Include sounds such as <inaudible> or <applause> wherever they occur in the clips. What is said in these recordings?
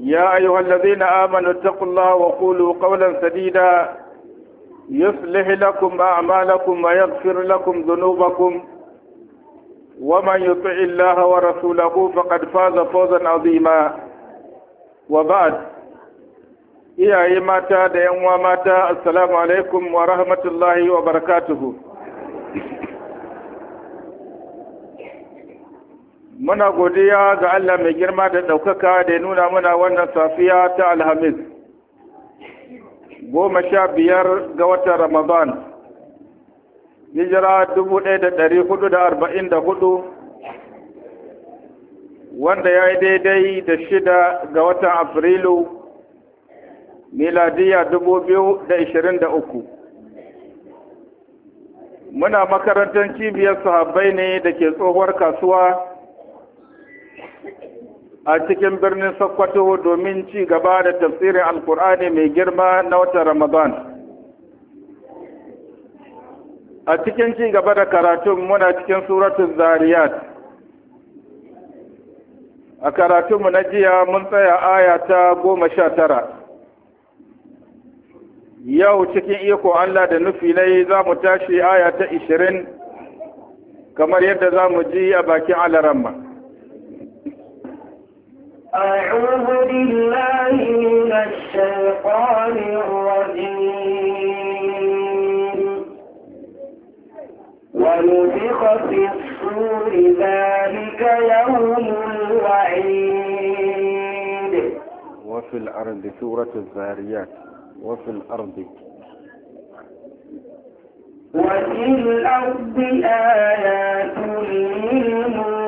يا أيها الذين آمنوا اتقوا الله وقولوا قولا سديدا يصلح لكم أعمالكم ويغفر لكم ذنوبكم ومن يطع الله ورسوله فقد فاز فوزا عظيما وبعد iyaye mata da 'yan uwa mata assalamu alaikum wa rahmatullahi wa barakatuhu muna godiya ga Allah mai girma da ɗaukaka da ya nuna muna wannan safiya ta alhamis goma sha biyar ga watan ramadan hijira dubu ɗaya da ɗari hudu da arba'in da hudu wanda ya yi daidai da shida ga watan afrilu miladiya dubu biyu da ishirin da uku muna makarantar cibiyar sahabbai ne da ke tsohuwar kasuwa a cikin birnin Sokoto domin ci gaba da tafsirin Alkur'ani mai girma na watan Ramadan. A cikin ci gaba da karatun muna cikin suratun Zariyat. A karatunmu na jiya mun tsaya aya ta goma sha tara. Yau cikin iko Allah da nufi na za mu tashi aya ta ishirin kamar yadda za mu ji a bakin alaramma. أعوذ بالله من الشيطان الرجيم ونفخ في الصور ذلك يوم الوعيد وفي الأرض سورة الزاريات وفي الأرض وفي الأرض آيات للمؤمنين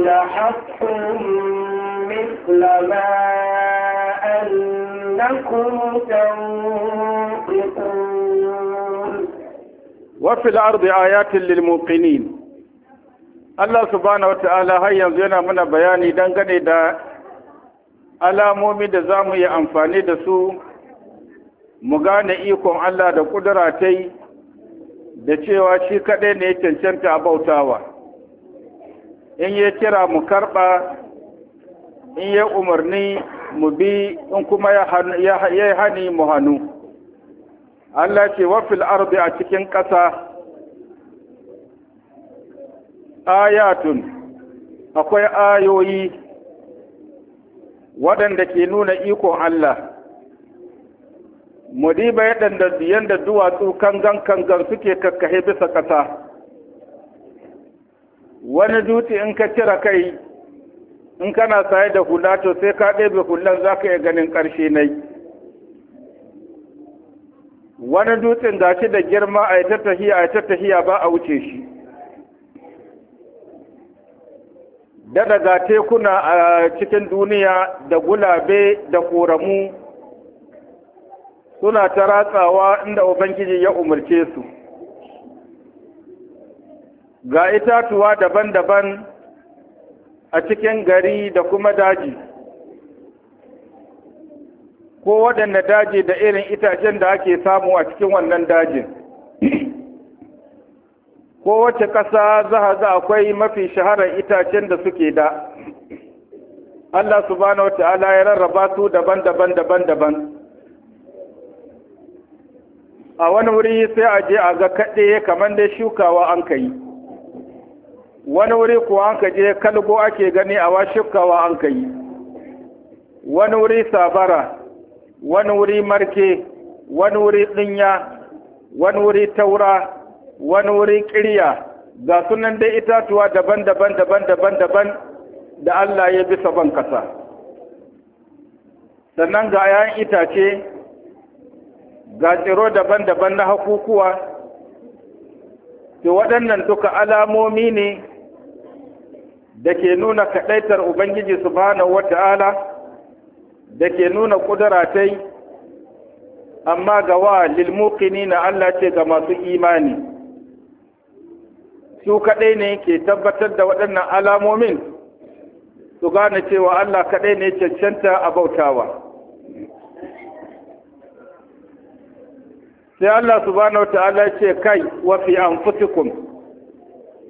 ملحقكم مثل ما أنكم تنطقون وفي الأرض آيات للموقنين Allah subhanahu wa ta'ala har yanzu yana mana bayani dangane da alamomi da za mu yi amfani da su mu gane ikon Allah da ƙudura ta yi da cewa shi kaɗai ne cancanta a bautawa. in ya kira mu karɓa in ya umarni mu bi in kuma ya hani mu hannu Allah ce wafil ardi a cikin ƙasa ayatun akwai ayoyi waɗanda ke nuna iko Allah mudiba yadda yadda duwatsu kangan kangan suke kakkahe bisa ƙasa wani dutse in ka cire kai in kana saye da hula to sai ka ɗebe hulan za ka iya ganin ƙarshe na yi. wani dutsen da shi da girma a ta tahiya a ta tahiya ba a wuce shi da daga tekuna a cikin duniya da gulabe da koramu suna ta ratsawa inda ubangiji ya umarce su ga itatuwa daban-daban a cikin gari da kuma daji ko waɗanne daji da irin itacen da ake samu a cikin wannan dajin kowace ƙasa za a akwai mafi shaharar itacen da suke da Allah subhanahu wa ta'ala ya rarraba su daban-daban daban-daban a wani wuri sai a je a ga kaɗe kamar dai shukawa an kai wani wuri kuwa an ka je kalgo ake gani a washifkawa an ka yi wani wuri sabara wani wuri marke wani wuri dunya, wani wuri taura wani wuri ƙirya ga sunan dai itatuwa daban-daban daban-daban daban da Allah ya bi ban kasa sannan ga 'ya'yan itace ga tsiro daban-daban na hakukuwa to waɗannan duka alamomi ne da ke nuna kaɗaitar Ubangiji subhanahu wata'ala da ke nuna ƙudaratai amma ga wa ni na Allah ce ga masu imani su kaɗai ne ke tabbatar da waɗannan alamomin su gane cewa Allah kaɗai ne cancanta a bautawa sai Allah subhanahu wata'ala ce kai wafi fi anfusikum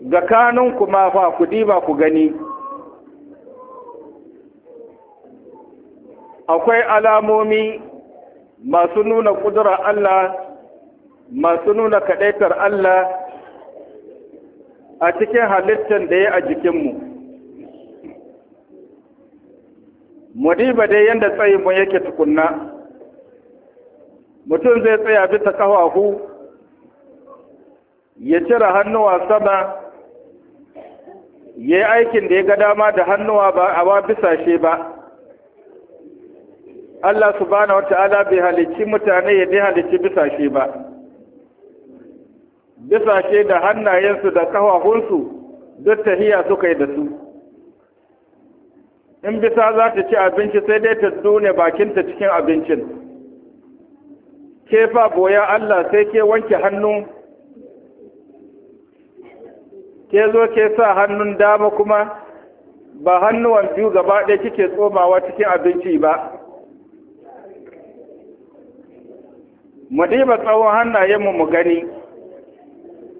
ga kanin ma fa ku diba ku gani akwai alamomi masu nuna kudura Allah masu nuna kaɗaitar Allah a cikin halittar da ya a jikinmu mu diba dai yadda tsayinmu yake tukunna mutum zai tsaya bisa ƙafafu ya cire hannuwa sama ya yi aikin da ya ga dama da hannuwa ba a wa bisashe ba Allah subhanahu wa ta'ala bai halicci mutane ya dai halicci bisashe ba bisashe da hannayensu da kafafunsu duk tahiya suka yi da su in bisa za ta ci abinci sai dai ta dune bakinta cikin abincin ke fa boya Allah sai ke wanke hannu ke zo ke sa hannun dama kuma ba hannuwan biyu gaba ɗaya kike tsomawa cikin abinci ba mu diba tsawon hannayenmu mu gani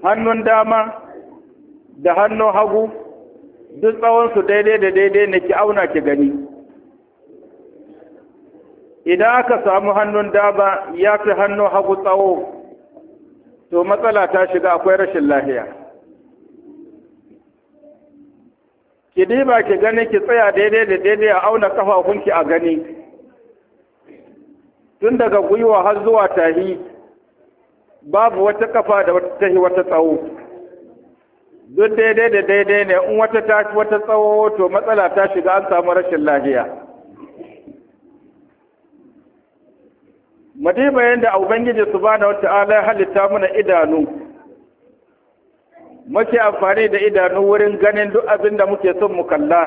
hannun dama da hannun hagu duk tsawonsu daidai da daidai na ki auna ki gani idan aka samu hannun dama ya fi hannun hagu tsawo to matsala ta shiga akwai rashin lahiya ki diba ki gani ki tsaya daidai da daidai a auna kafafunki a gani tun daga gwiwa har zuwa tahi babu wata kafa da wata tahi wata tsawo duk daidai da daidai ne in wata tashi wata tsawo to matsala ta shiga an samu rashin lafiya madiba yadda ubangiji subhanahu wata'ala ya halitta mana idanu muke amfani da idanu wurin ganin duk abin da muke son mu kalla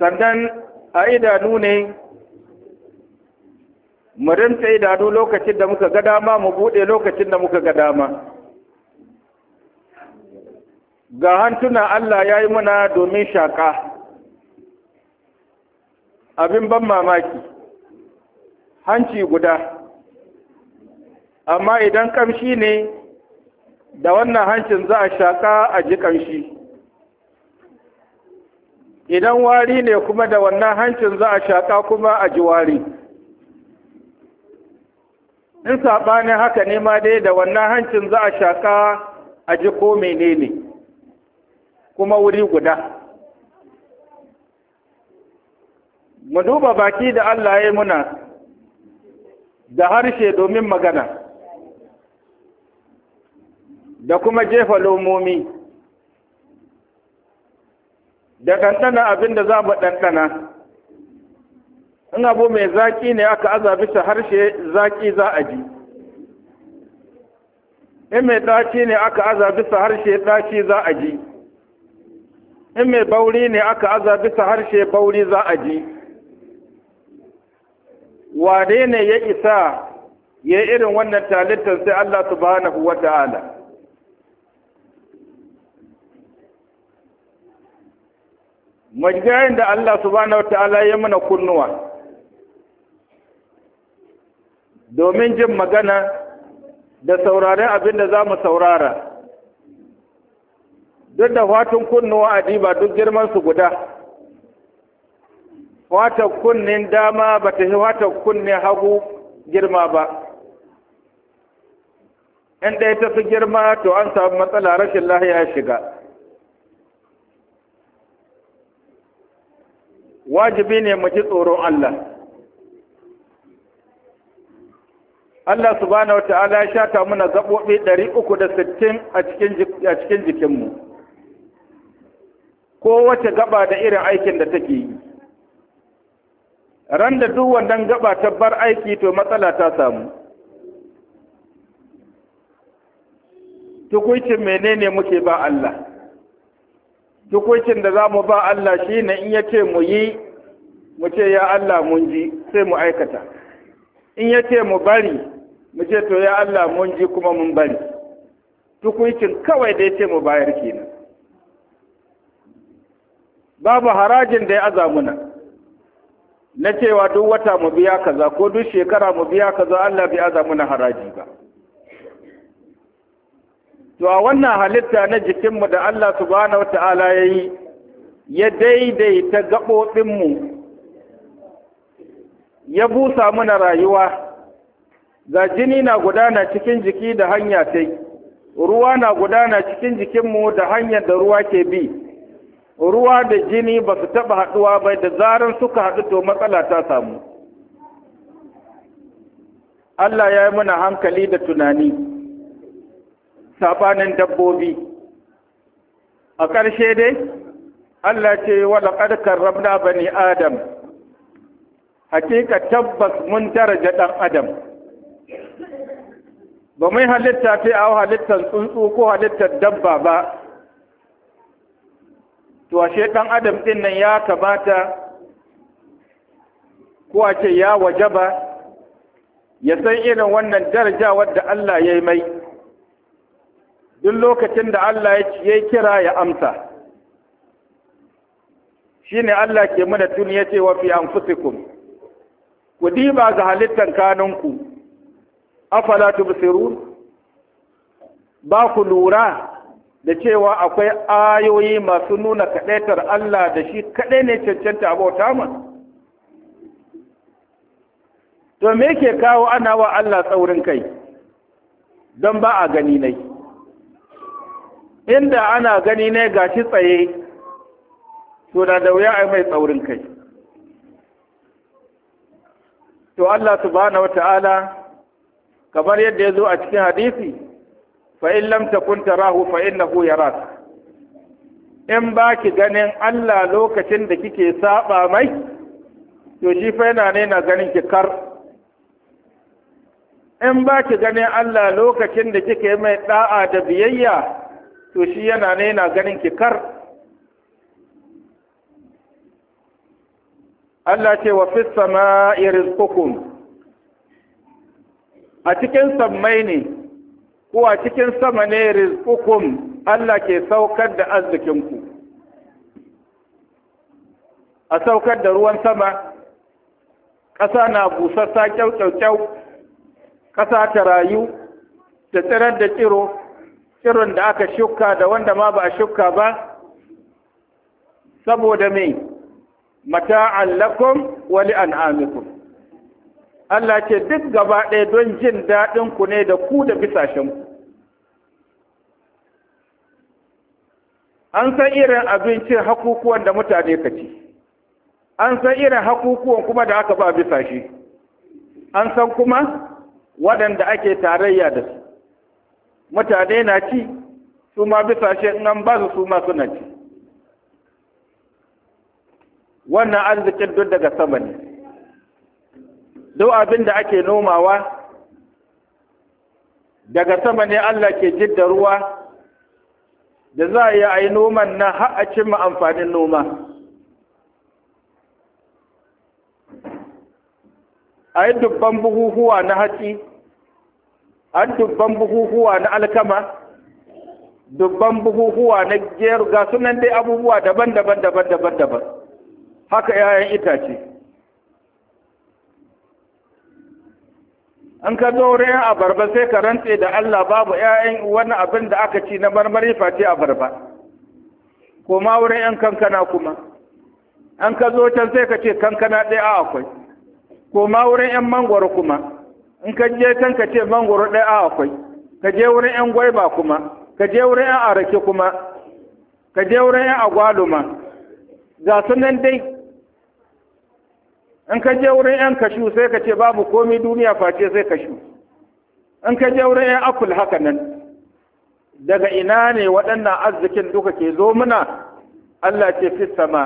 sannan a idanu ne mu rinta idanu lokacin da muka ga dama mu bude lokacin da muka ga dama ga hantuna Allah ya yi muna domin shaka, abin ban mamaki hanci guda amma idan kamshi ne da wannan hancin za a shaƙa a ji kamshi idan wari ne kuma da wannan hancin za a shaƙa kuma a ji wari in saɓanin haka ne ma dai da wannan hancin za a shaƙa a ji ko menene kuma wuri guda mu duba baki da Allah ya yi muna da harshe domin magana da kuma jefa lomomi da ɗanɗana abin da za mu ɗanɗana in abu mai zaƙi ne aka aza bisa harshe zaƙi za a ji in mai ɗaci ne aka aza bisa harshe ɗaci za a ji in mai bauri ne aka aza bisa harshe bauri za a ji wane ne ya isa ya irin wannan talittar sai Allah subhanahu wa ta'ala majigayen da Allah subhanahu ta'ala ya mana kunnuwa domin jin magana da sauraren abin da za mu saurara duk da fatun kunnuwa a diba duk girman su guda wata kunnin dama ba ta wata kunne hagu girma ba in ɗaya ta fi girma to an samu matsala rashin lahiya shiga wajibi ne mu ji tsoron Allah Allah subhanahu wa ta'ala ya shata muna gaɓoɓi sittin a cikin jikinmu, kowace gaba da irin aikin da take yi. Ran da duk wannan gaba ta bar aiki to matsala ta samu. Tukuicin menene muke ba Allah. hukuncin da za mu ba Allah shi ne in ya ce mu yi mu ce ya Allah mun ji sai mu aikata in ya ce mu bari mu ce to ya Allah mun ji kuma mun bari hukuncin kawai da ya ce mu bayar kenan babu harajin da ya aza na cewa duk wata mu biya kaza ko duk shekara mu biya kaza Allah bi aza muna haraji ba to a wannan halitta na jikinmu da Allah subhanahu wata'ala ya yi ya daidaita gaɓoɓinmu ya busa mana rayuwa ga jini na gudana cikin jiki da hanya sai ruwa na gudana cikin jikinmu da hanyar da ruwa ke bi ruwa da jini ba su taɓa haɗuwa ba da zarar suka haɗu to matsala ta samu Allah ya yi mana hankali da tunani. sabanin dabbobi a ƙarshe dai Allah ce ƙarƙar Rabna bani adam hakika tabbas mun daraja ɗan adam ba mai halitta fi a halittar tsuntsu ko halittar dabba ba to ɗan adam ɗin nan ya kamata ko a ce ya wajaba ya san irin wannan daraja wadda Allah ya yi mai duk lokacin da Allah ya kira ya amsa Shi ne Allah ke mana tuni ya wa fi anfusikum ku diba ga halittan kanunku afala tubsirun ba ku lura da cewa akwai ayoyi masu nuna kaɗaitar Allah da shi kaɗai ne cancanta abota mu to me ke kawo ana wa Allah tsaurin kai don ba a gani nai inda ana gani ne ga shi tsaye to da da wuya ai mai tsaurin kai to Allah subhanahu wata'ala kamar yadda ya zo a cikin hadisi fa in lam takun tarahu fa innahu yarak in ba ki ganin Allah lokacin da kike saba mai to shi fa yana ne na ganin ki kar in ba ki ganin Allah lokacin da kike mai da'a da biyayya to shi yana ne yana ganin ki kar Allah ce wa fi irin rizqukum a cikin sammai ne ko a cikin sama ne rizqukum Allah ke saukar da arzikinku a saukar da ruwan sama ƙasa na busassa kyau kyau kyau ƙasa ta rayu da tsirar da tsiro shirin da aka shuka da wanda ma ba a shuka ba saboda mai mata'an lakum wa li'an'amikum Allah ce duk gaba ɗaya don jin daɗin ku ne da ku da bisashen ku an san irin abincin hakukuwan da mutane ka ci an san irin hakukuwan kuma da aka ba bisa shi an san kuma waɗanda ake tarayya da su mutane na ci su ma bisa shi in an ba su su ma suna ci wannan arzikin duk daga sama ne duk abin da ake nomawa daga sama ne Allah ke jidda ruwa da za a yi a yi noman nan har a cimma amfanin noma a yi dubban buhuhuwa na hatsi an dubban bukukuwa na alkama dubban bukukuwa na geru ga sunan dai abubuwa daban-daban daban-daban daban haka 'ya'yan itace an ka zo wurin abarba sai ka rantse da Allah babu 'ya'yan wani abin da aka ci na marmari face abarba ko ma wurin 'yan kankana kuma an ka zo can sai ka ce kankana ɗaya akwai ko ma wurin 'yan mangwaro kuma in ka je kan ka ce mangoro ɗaya a akwai ka je wurin yan gwaiba kuma ka je wurin yan arake kuma ka je wurin yan agwaluma ga su nan dai in ka je wurin yan kashu sai ka ce babu komi duniya face sai kashu in ka je wurin yan akul haka nan daga ina ne waɗannan arzikin duka ke zo muna Allah ce fi sama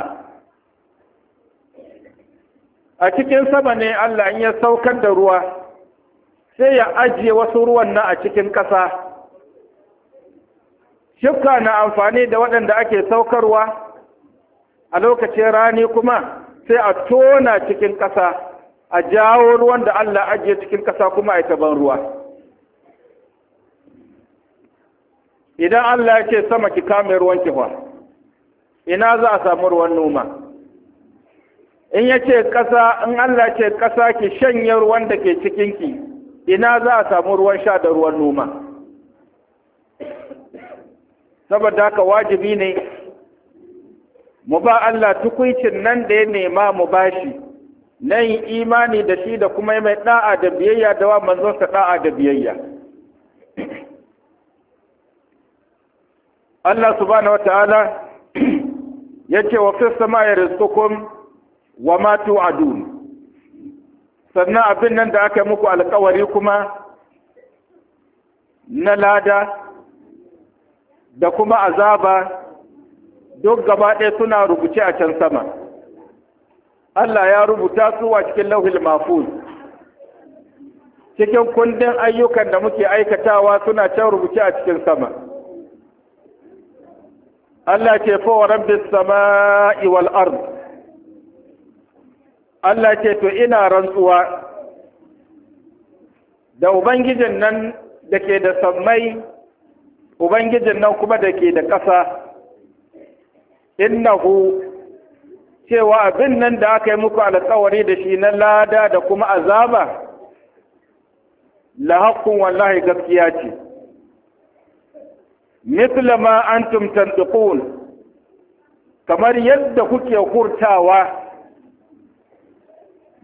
a cikin sama ne Allah in ya saukar da ruwa sai ya ajiye wasu ruwan na a cikin ƙasa shifka na amfani da waɗanda ake saukarwa a lokacin rani kuma sai a tona cikin ƙasa a jawo ruwan da Allah ajiye cikin ƙasa kuma a yi ban ruwa idan Allah ya sama ki kame ruwan kihwa ina za a samu ruwan noma in ya ƙasa in Allah ce ƙasa ki shanye ruwan da ke cikinki ina za a samu ruwan sha da ruwan noma saboda haka wajibi ne mu ba Allah tukuicin nan da ya nema mu bashi nan imani da shi da kuma mai da'a da biyayya da wa manzonsa da'a da biyayya Allah subhanahu wataala <clears throat> yake wa fis samaa'i rizqukum wa ma tu'adun sannan abin nan da aka muku alkawari kuma na lada da kuma azaba duk gaba ɗaya suna rubuce a can sama Allah ya rubuta su a cikin lauhil mafuz cikin kundin ayyukan da muke aikatawa suna can rubuce a cikin sama Allah ke fa wa rabbis sama'i wal Allah ce to ina rantsuwa da ubangijin nan da ke da sammai ubangijin nan kuma da ke da ƙasa innahu cewa abin nan da aka yi muku alƙawari da shi na lada da kuma azaba la wallahi gaskiya ce Mislama an antum kamar yadda kuke hurtawa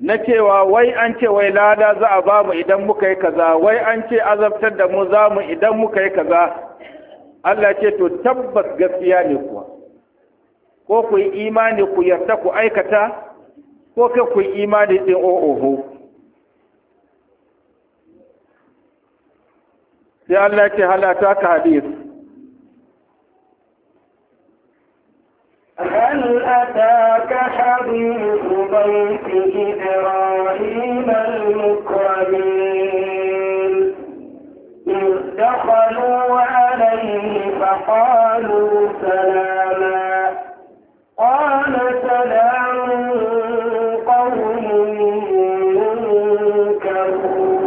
na cewa wai an ce wai lada za a ba mu idan muka yi kaza wai an ce azabtar da mu za mu idan muka yi kaza Allah ce to tabbas gaskiya ne kuwa ko ku yi imani ku yarda ku aikata ko kai ku yi imani din o'oho sai Allah ce halata ka hadisi هل أتاك حديث بيت إبراهيم المكرمين إذ دخلوا عليه فقالوا سلاما قال سلام قوم منكرون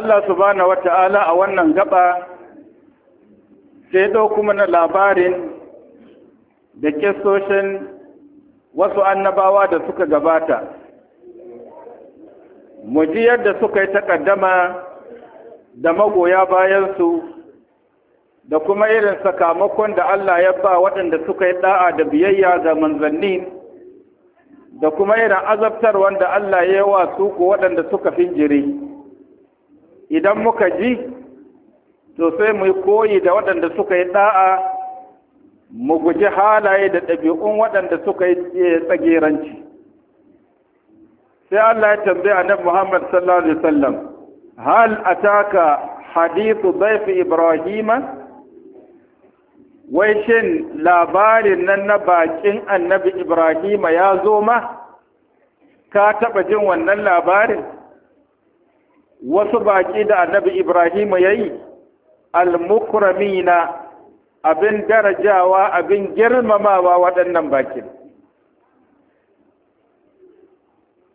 Allah su subhanahu wata'ala a wannan gaba sai kuma na labarin da kestoshin wasu annabawa da suka gabata mu ji yadda suka yi takaddama da magoya bayansu da kuma irin sakamakon da Allah ya ba waɗanda suka yi ɗa'a da biyayya ga manzanni da kuma irin azabtar wanda Allah ya yi wa su waɗanda suka finjiri idan muka ji to sai mu koyi da waɗanda suka yi ɗa'a mu guji halaye da ɗabi'un waɗanda suka yi eh, tsageranci sai Allah ya tambaye annabi Muhammad sallallahu alaihi wasallam hal ataka hadithu dayf ibrahima wai shin labarin nan na bakin annabi Ibrahim ya zo ma ka taɓa jin wannan labarin wasu baƙi da annabi ibrahim ya yi almukramina abin darajawa abin girmamawa waɗannan bakin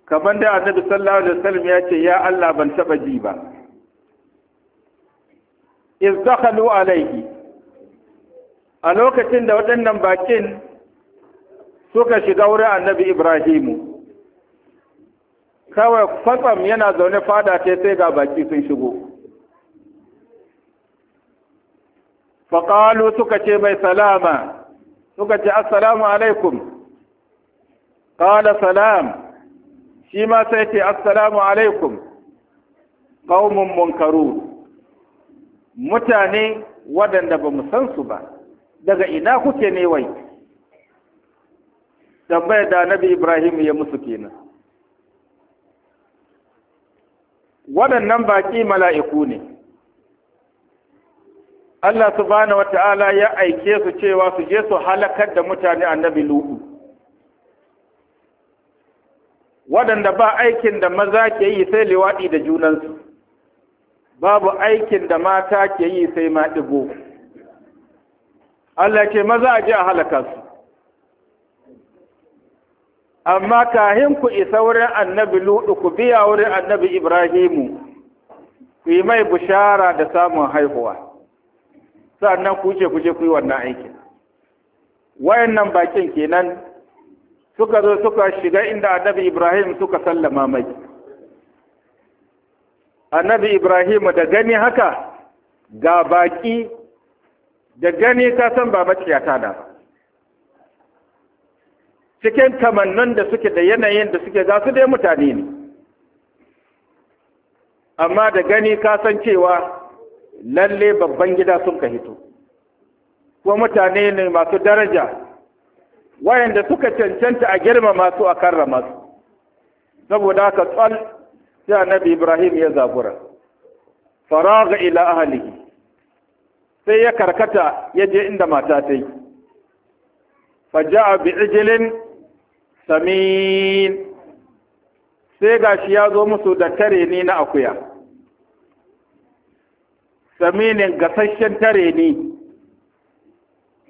kamar da annabi sallallahu alaihi wasallam ya ce ya Allah ban taɓa ji ba izdakhalu dakhalu alaihi a lokacin da waɗannan bakin suka shiga wurin annabi ibrahimu kawai kwatsam yana zaune fada ce sai ga baki sun shigo faƙalu suka ce mai salama suka ce assalamu alaikum ƙala salam shi ma sai ce assalamu alaikum ƙaumin munkaru mutane waɗanda ba mu san su ba daga ina kuke ne wai tambayar da nabi ibrahim ya musu kenan waɗannan baƙi mala'iku ne Allah subhanahu wata'ala ya aike su cewa su je su halakar da mutane annabi lu'u waɗanda ba aikin da maza ke yi sai liwaɗi da junansu babu aikin da mata ke yi sai maɗigo Allah ce maza a je a halaka su amma kahin ku isa wurin annabi ludu ku biya wurin annabi ibrahimu ku yi mai bushara da samun haihuwa sannan ku ce ku ku yi wannan aikin wayannan bakin kenan suka zo suka shiga inda annabi ibrahim suka sallama mai annabi Ibrahimu da gani haka ga baki da gani ka san ba ta ba. cikin kamannin da suke da yanayin da suke za su dai mutane ne amma da gani ka san cewa lalle babban gida sun ka hito ko mutane ne masu daraja wayanda suka cancanta a girmama su a karrama su saboda haka tsal sai annabi ibrahim ya zabura faraga ila ahali. sai ya karkata ya je inda mata ta yi faja'a bi ijlin samin sai gashi ya zo musu da tare ni na akuya saminin gasasshen tare ni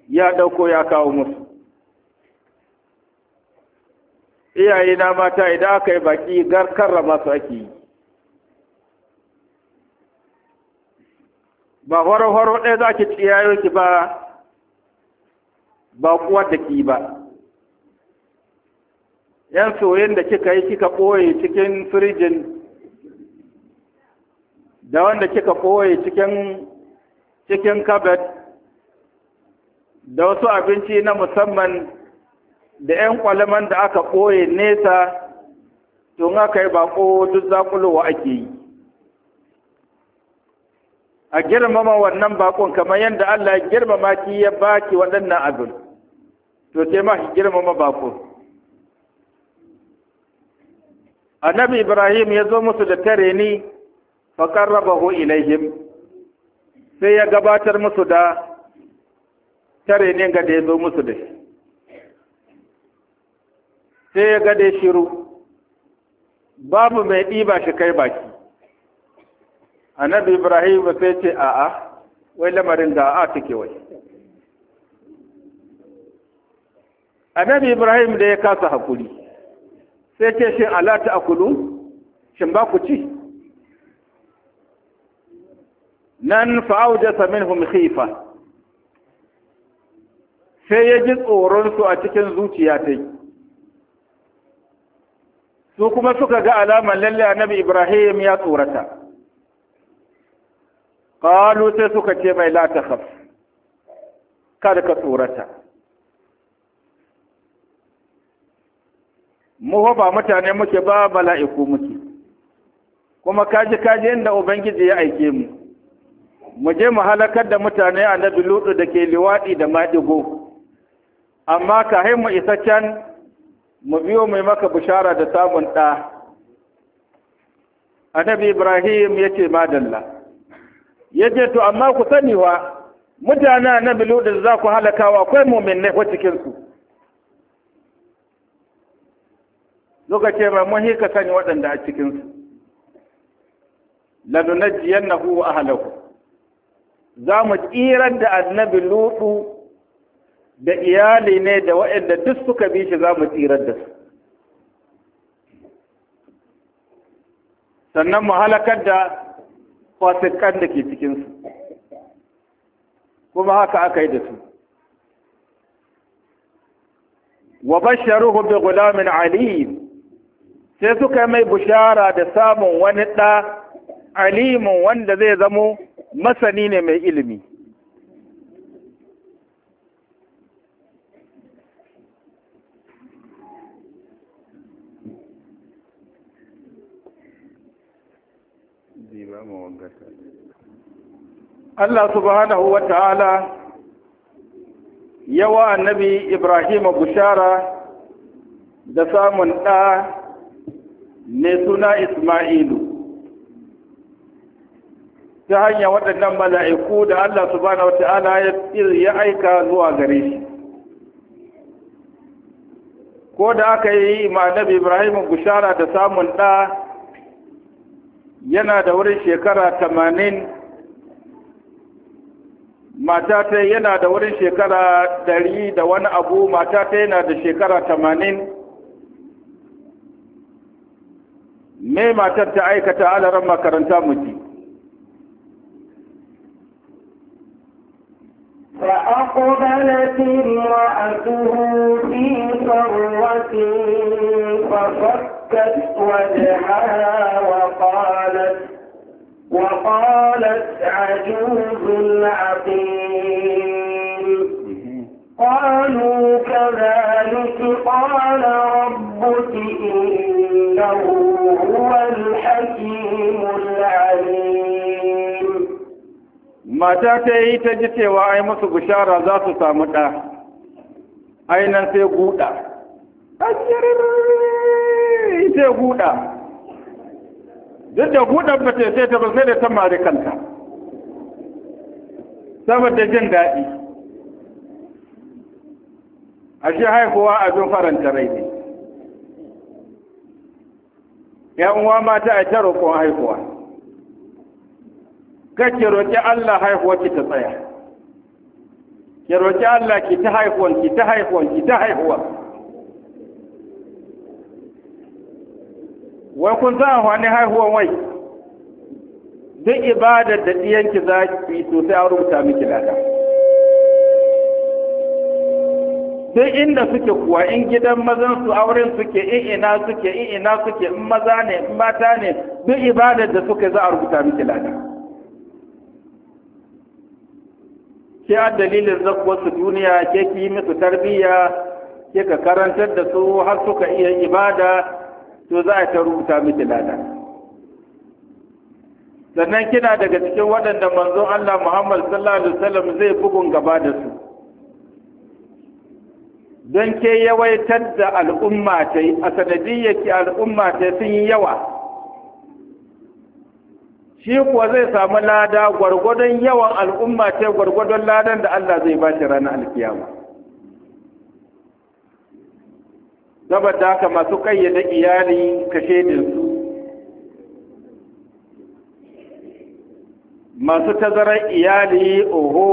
ya dauko ya kawo musu iyaye na mata idan aka yi baki gar karrama su ake yi ba horo-horo ɗaya za ki ba ba kuwa da ki ba yan soyayyen da kika yi kika ɓoye cikin firijin da wanda kika ɓoye cikin cikin kabet da wasu abinci na musamman da 'yan kwalaman da aka ɓoye nesa tun aka yi bako duk zakulowa ake yi a girmama wannan bakon kamar yadda Allah ya girmama ki ya baki waɗannan abin to sai ma ki girmama bakon annabi ibrahim ya zo musu da tare ni fa qarrabahu ilaihim sai ya gabatar musu da tare ne ga da ya zo musu da shi sai ya ga shiru babu mai ɗiba shi kai baki annabi ibrahim sai ce a'a wai lamarin da a'a take wai annabi ibrahim da ya kasa hakuri sai ce shi ala ta akulu shin ba ku ci nan fa'aujasa minhum khifa sai ya ji tsoronsu a cikin zuciya ta su kuma suka ga alamar lalle annabi ibrahim ya tsorata ƙalu sai suka ce mai latakhaf kada ka tsorata mu ba mutane muke ba bala'iku muke kuma kaji kaji inda ubangiji ya aike mu mu je mu halakar da mutane a na ludu da ke liwaɗi da maɗigo amma hai mu isa can mu biyo mai maka bushara da samun ɗa annabi ibrahim ya ce madalla ya je to amma ku sani wa mutane na ludu da za ku halakawa akwai mumin ne cikinsu suka ce ma mun hika kan waɗanda a cikinsu huwa wa ahlahu za mu tsirar da annabi lutu da iyali ne da waɗanda duk suka bi shi za mu tsirar da su sannan mu halakar da fasikan da ke cikinsu kuma haka aka yi da su wa basharuhu bi ghulamin alim sai suka mai bushara da samun wani ɗa alimun wanda zai zamo masani ne mai ilimi Allah subhanahu wa ta'ala yawa annabi Ibrahim bushara da samun ɗa ne suna Ismailu ta hanya waɗannan mala'iku da Allah subhanahu wata'ala ya aika zuwa gare shi ko da aka yi ma'anabi Ibrahim Bushara da samun ɗa yana da wurin shekara tamanin mata ta yana da wurin shekara ɗari da wani abu mata ta yana da shekara tamanin me matar ta aikata alaran makaranta muji فأقبلت امرأته في صرة ففكت وجهها وقالت وقالت عجوز عقيم قالوا كذلك قال ربك إن mata ta yi ta ji cewa ai musu bishara za su samu ɗa ai nan sai guda sai guda duk da gudan ba ce sai ta ba sai da ta mari kanta saboda jin daɗi A shi haihuwa abin faranta rai ne yan uwa mata a ta roƙon haihuwa kake roƙi Allah haihuwar ki ta tsaya ki roƙi Allah ki ta haihuwan ki ta haihuwan ki ta haihuwan wai kun a wani haihuwar wai duk ibadar da ɗiyanki za ki yi sosai an rubuta miki lada. sai inda suke kuwa in gidan mazan su auren suke in ina suke in ina suke in maza ne in mata ne duk ibadar da suke za a rubuta miki lada ke a dalilin zakkuwarsu duniya ke ki yi musu tarbiyya ke ka karantar da su har suka iya ibada to za a ta rubuta miki lada sannan kina daga cikin waɗanda manzon Allah Muhammad sallallahu alaihi wasallam zai bugun gaba da su don ke yawaitar da al'umma ta yi a ke al'umma ta sun yi yawa shi kuwa zai samu lada gwargwadon yawan al'umma ta gwargwadon ladan da Allah zai ba shi ranar alkiyama saboda haka masu kayyade iyali kashe dinsu masu tazarar iyali oho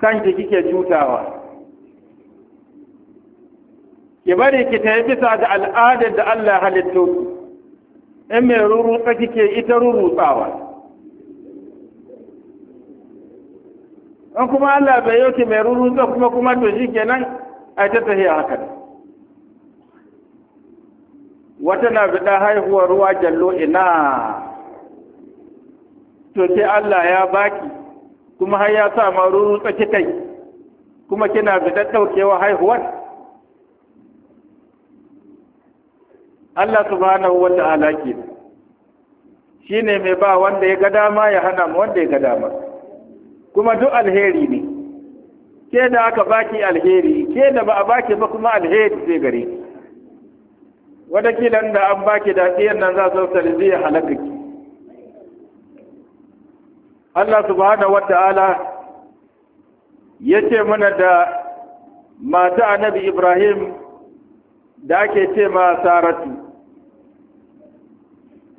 kan kike cutawa ki bari ki ta bisa ga al'adar da Allah halitto in mai tsaki kike ita tsawa. in kuma Allah bai yau ki mai rurutsa kuma kuma to shi kenan a ta tafiya haka wata na biɗa haihuwar ruwa jallo ina to sai Allah ya baki kuma har ya sa ma tsaki kai kuma kina biɗa ɗaukewa haihuwar Allah subhanahu wa ta'ala ke ne mai ba wanda ya ga dama ya hana mu wanda ya ga dama kuma duk alheri ne ke da aka baki alheri ke da ba a baki ba kuma alheri sai gare ki kila da an baki da tsiyan nan za su sarzi zai halaka ki Allah subhanahu wata'ala ya ce mana da mata annabi Ibrahim da ake ce ma saratu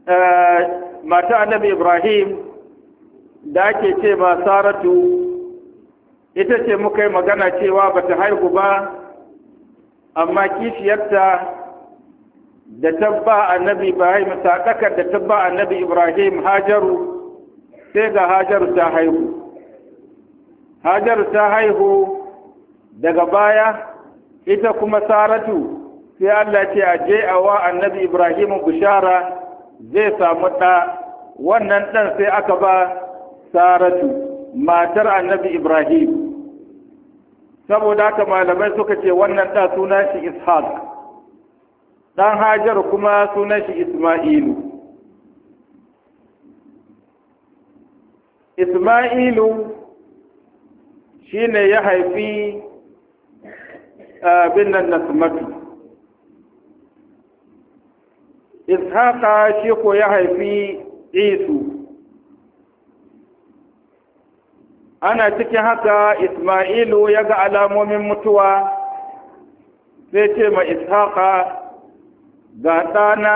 eh, mata annabi ibrahim da ake ce ma saratu ita ce muka yi magana cewa ba ta haihu ba amma kishiyarta da tabba annabi ibrahim sadakar da tabba annabi ibrahim hajaru sai ga hajaru ta haihu hajaru ta haihu daga baya ita kuma saratu sai Allah ce a je a wa annabi Ibrahim bishara zai samu ɗa wannan ɗan sai aka ba Saratu matar annabi Ibrahim saboda haka malamai suka ce wannan ɗa suna shi Ishaq ɗan Hajar kuma suna shi Isma'ilu Isma'ilu shi ne ya haifi abin nan nasmatu ishaqa shi ko ya haifi isu ana cikin haka isma'ilu ya ga alamomin mutuwa sai ce ma ishaqa ga ɗana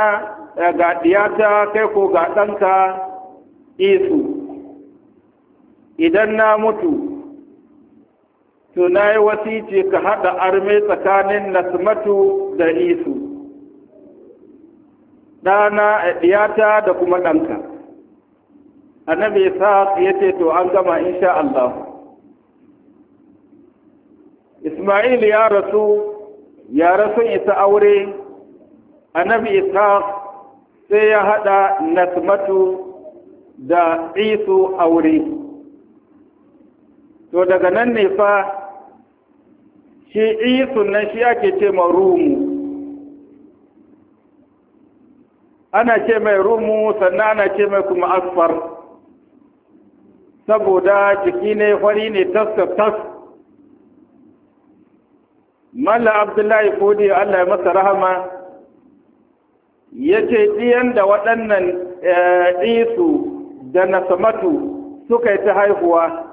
eh, ga ɗiyata kai ko ga ɗanka isu idan na mutu to na yi wasici ka haɗa arme tsakanin nasmatu da isu dana ɗiyata da kuma ɗanka annabi sa ya ce to an gama insha Allah Ismail ya rasu ya rasu isa aure annabi isa sai ya haɗa nasmatu da isu aure to daga nan ne fa shi isu nan shi ake ce rumu ana ce mai rumu sannan ana ce mai kuma asfar saboda jiki ne hori ne tas tas malla abdullahi kodi allah ya masa rahama ya ce ɗiyan da waɗannan eh, ɗisu da nasamatu suka yi ta haihuwa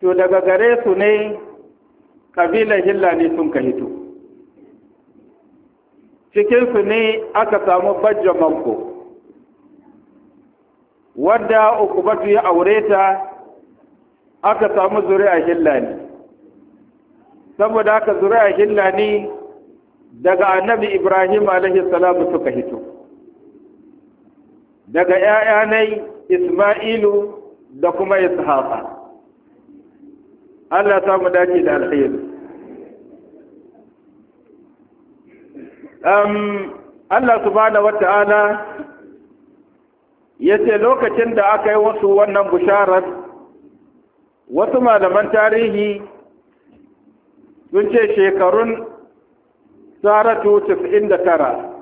to daga gare su ne ƙabilar hillani sun ka hito cikinsu ne aka samu bajja manko wadda ukubatu ya aure ta aka samu zuri'a hillani saboda haka zuri'a hillani daga annabi ibrahim alaihi salamu suka hito daga ‘ya'yanai isma'ilu da kuma ishaqa Allah ta mu dace da alheri Allah subhanahu wata'ala ya ce lokacin da aka yi wasu wannan gusharar, wasu malaman tarihi sun ce shekarun saratu da tara,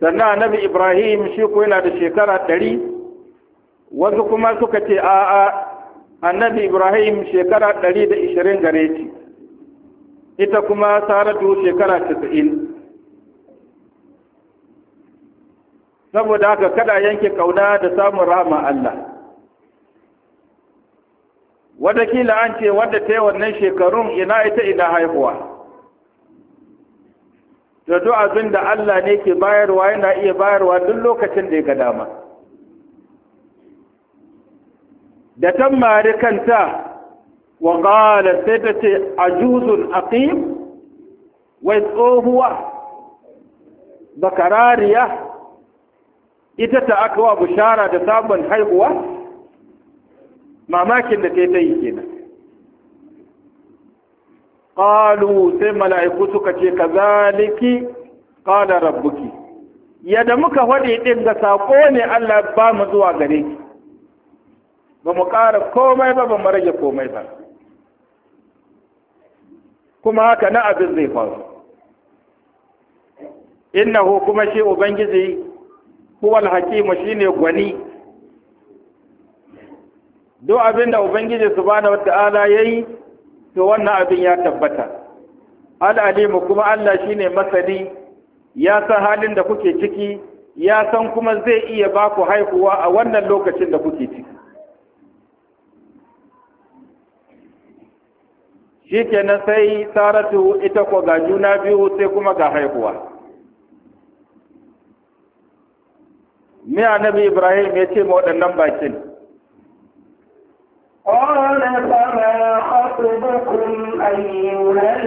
sannan annabi ibrahim shi ko yana da shekara ɗari wasu kuma suka ce a'a annabi ibrahim shekara ɗari da ishirin gare ita kuma saratu shekara casa'in saboda haka kada yanke kauna da samun rama Allah watakila an ce wadda ta yi wannan shekarun ina ita ina haihuwa da duk abin da Allah ne ke bayarwa yana iya bayarwa duk lokacin da ya ga dama da tammari kanta wa qala sai ta ce ajuzun aqim wai tsohuwa bakarariya ita ta aka wa bushara da sabon haihuwa mamakin da ta yi kenan qalu sai mala'iku suka ce kazaliki qala rabbuki yadda muka faɗi ɗin ga saƙo ne Allah ba mu zuwa gare ki ba mu ƙara komai ba ba mu rage komai ba kuma haka na abin zai faru innahu kuma shi ubangiji huwal hakimu shine gwani duk abin da ubangiji subhanahu wata'ala yayi to wannan abin ya tabbata al'alimu kuma Allah shine masani ya san halin da kuke ciki ya san kuma zai iya baku haihuwa a wannan lokacin da kuke ciki shi kenan sai saratu ita ko ga juna biyu sai kuma ga haihuwa me annabi ibrahim ya ce ma waɗannan bakin قال فما خطبكم أيها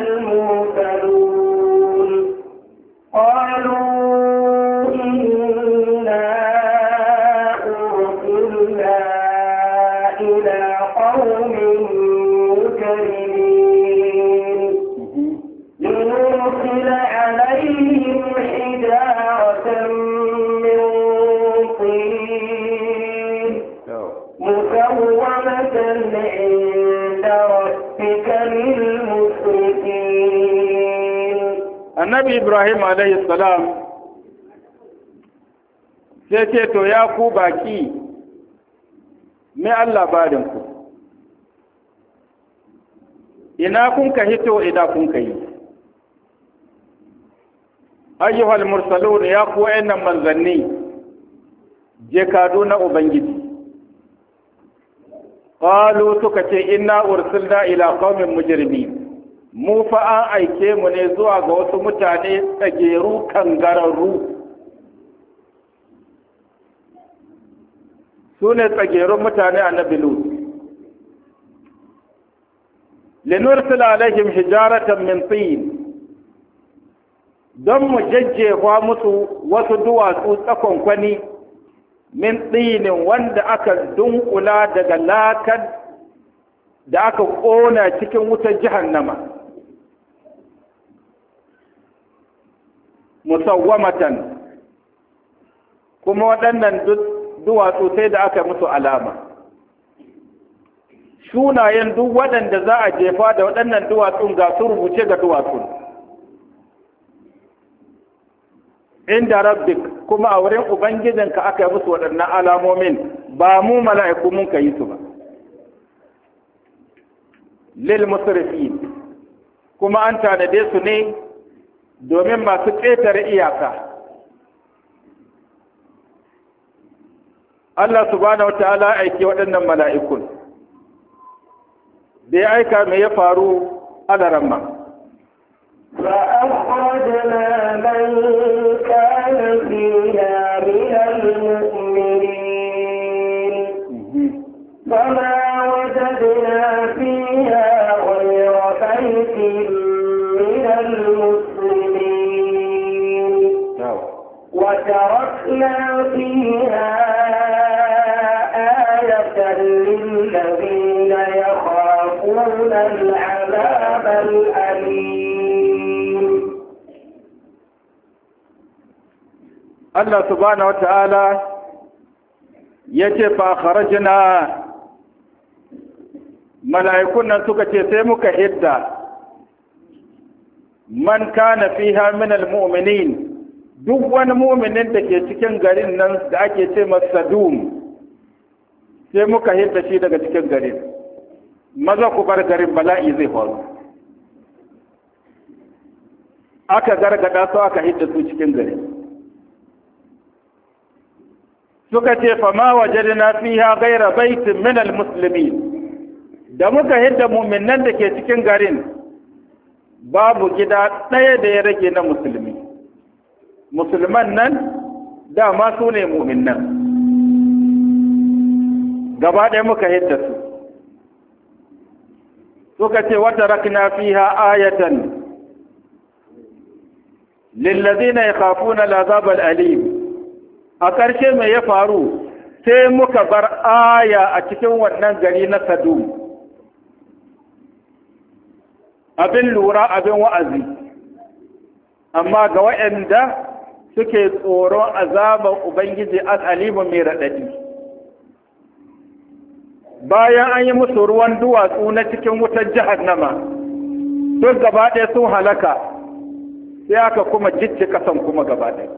annabi ibrahim alayhi salam sai ce to ya ku baki mai allah barin ku ina kun ka hito ina kun ka yi ayyuhal mursalun ya ku wayannan manzanni jekadu na ubangiji qalu suka ce inna ursilna ila qaumin mujrimin mu fa an aike mu ne zuwa ga wasu mutane tsageru kangararru su ne tsagerun mutane a nabilu linursila alaihim hijaratan min tin don mu jajjefa musu wasu duwatsu tsakonkwani min tsinin wanda aka dunkula daga lakan da aka ƙona cikin wutar jihan nama musawwamatan kuma waɗannan duwatsu sai da aka musu alama sunayen duk waɗanda za a jefa da waɗannan duwatsun ga su rubuce ga duwatsun inda rabbik kuma a wurin ubangijinka aka yi musu waɗannan alamomin ba mu mala'iku mun ka yi su ba lil musrifin kuma an tanade su ne domin masu ƙetare iyaka Allah subhanahu wata ta'ala aiki waɗannan mala'ikun da ya aika mai ya faru a daren ma. Allah subhanahu wa ta’ala يخافون العذاب الأليم الله yace fa kharajna mala'ikun nan suka ce sai muka hidda man kana fiha min al-mu'minin duk wani muminin da ke cikin garin nan da ake ce masa dum sai muka hidda shi daga cikin garin maza ku bar garin bala'i zai faru aka gargada su aka hidda su cikin garin suka ce fama wajadna fiha gaira baitin min almuslimin da muka hidda muminin da ke cikin garin babu gida ɗaya da ya rage na musulmi musulman nan dama su ne mu'minnan gaba ɗaya muka hidda su suka ce wata rakna fiha ayatan lillazina yakhafuna al'azab al'alim a ƙarshe me ya faru sai muka bar aya a cikin wannan gari na sadu abin lura abin wa'azi amma ga waɗanda suke tsoron azaban ubangiji al'alimu mai raɗaɗi bayan an yi musu ruwan duwatsu na cikin wutar jihar nama, duk gaba ɗaya sun halaka sai aka kuma jicce kasan kuma gaba ɗaya